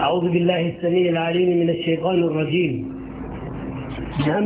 أعوذ بالله السميع العليم من الشيطان الرجيم